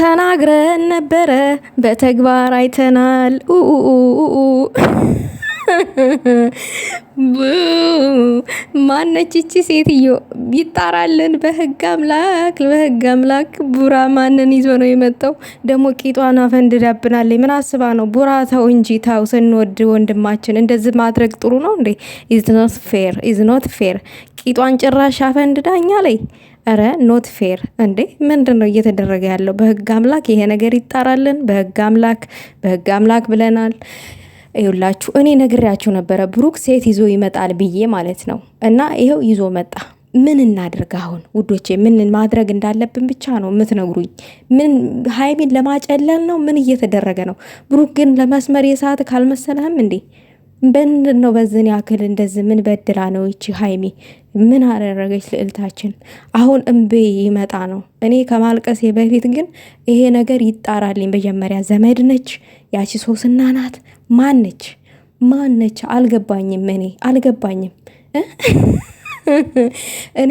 ተናግረን ነበረ፣ በተግባር አይተናል። ማነችቺ ሴትዮ? ይጣራልን በህግ አምላክ፣ በህግ አምላክ። ቡራ ማንን ይዞ ነው የመጣው? ደግሞ ቂጧን አፈንድዳብናል። ምን አስባ ነው? ቡራ ተው እንጂ ታው፣ ስንወድ ወንድማችን እንደዚህ ማድረግ ጥሩ ነው እንዴ? ኢዝ ኖት ፌር፣ ኢዝ ኖት ፌር። ቂጧን ጭራሽ አፈንድዳ እኛ ላይ ረ ኖት ፌር እንዴ! ምንድን ነው እየተደረገ ያለው? በህግ አምላክ ይሄ ነገር ይጣራልን። በህግ አምላክ በህግ አምላክ ብለናል። ይውላችሁ እኔ ነግሬያችሁ ነበረ ብሩክ ሴት ይዞ ይመጣል ብዬ ማለት ነው። እና ይኸው ይዞ መጣ። ምን እናድርግ አሁን ውዶቼ? ምን ማድረግ እንዳለብን ብቻ ነው የምትነግሩኝ? ምን ሀይሚን ለማጨለል ነው? ምን እየተደረገ ነው? ብሩክ ግን ለመስመር የሰዓት ካልመሰለህም እንዴ ምንድን ነው በዝን ያክል እንደዚህ ምን በድላ ነው ይቺ ሀይሚ ምን አደረገች ልዕልታችን? አሁን እምቤ ይመጣ ነው። እኔ ከማልቀሴ በፊት ግን ይሄ ነገር ይጣራልኝ። መጀመሪያ ዘመድ ነች ያቺ ሶስና ናት። ማን ማነች? አልገባኝም። እኔ አልገባኝም እኔ